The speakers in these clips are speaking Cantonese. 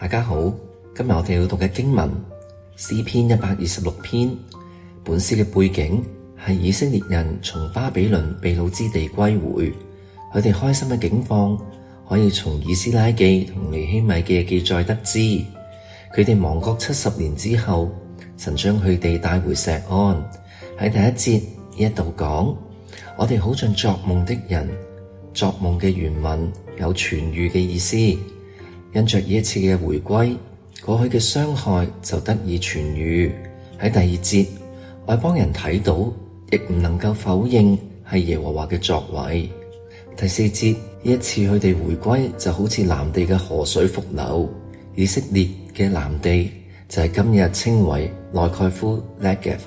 大家好，今日我哋要讀嘅經文詩篇一百二十六篇。本詩嘅背景係以色列人從巴比倫被擄之地歸回，佢哋開心嘅境況可以從以斯拉記同尼希米記嘅記載得知。佢哋亡國七十年之後，神將佢哋帶回錫安。喺第一節呢一度講，我哋好像作夢的人，作夢嘅原文有痊愈嘅意思。因著呢一次嘅回歸，過去嘅傷害就得以痊愈。喺第二節，外邦人睇到，亦唔能夠否認係耶和華嘅作為。第四節，這一次佢哋回歸就好似南地嘅河水復流。以色列嘅南地就係今日稱為內蓋夫 （Negev），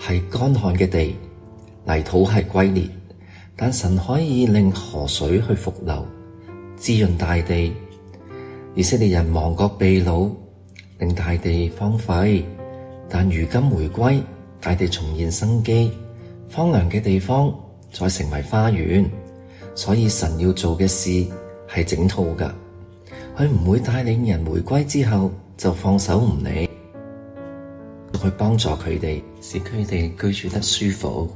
係乾旱嘅地，泥土係龜裂，但神可以令河水去復流，滋潤大地。以色列人亡國被擄，令大地荒廢，但如今回歸，大地重現生機，荒涼嘅地方再成為花園。所以神要做嘅事係整套噶，佢唔會帶領人回歸之後就放手唔理，去幫助佢哋，使佢哋居住得舒服，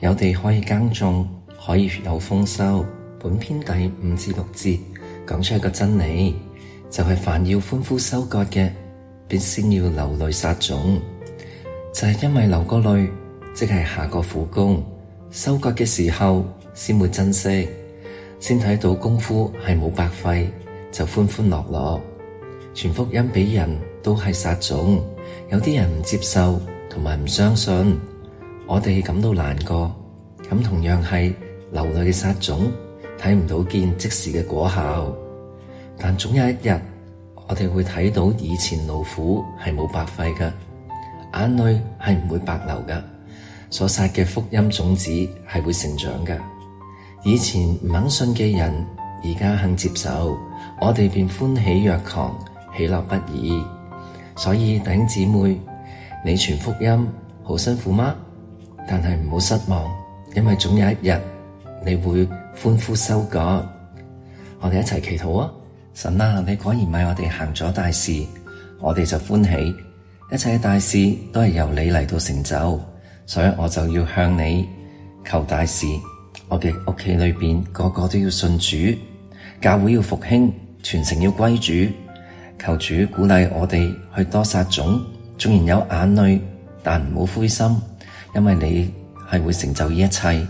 有地可以耕種，可以有豐收。本篇第五至六節講出一個真理。就係凡要歡呼收割嘅，必先要流淚撒種。就係、是、因為流過淚，即係下個苦功，收割嘅時候先會珍惜，先睇到功夫係冇白費，就歡歡樂樂。傳福音俾人都係撒種，有啲人唔接受同埋唔相信，我哋感到難過。咁同樣係流淚嘅撒種，睇唔到見即時嘅果效。但總有一日，我哋會睇到以前勞苦係冇白費嘅，眼淚係唔會白流嘅，所撒嘅福音種子係會成長嘅。以前唔肯信嘅人，而家肯接受，我哋便歡喜若狂，喜樂不已。所以弟兄姊妹，你傳福音好辛苦嗎？但係唔好失望，因為總有一日你會歡呼收割。我哋一齊祈禱啊！神啊，你果然為我哋行咗大事，我哋就歡喜。一切大事都係由你嚟到成就，所以我就要向你求大事。我嘅屋企裏邊個個都要信主，教會要復興，全城要歸主。求主鼓勵我哋去多撒種，縱然有眼淚，但唔好灰心，因為你係會成就呢一切，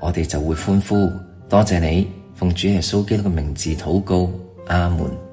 我哋就會歡呼，多謝你，奉主耶穌基督嘅名字禱告。阿門。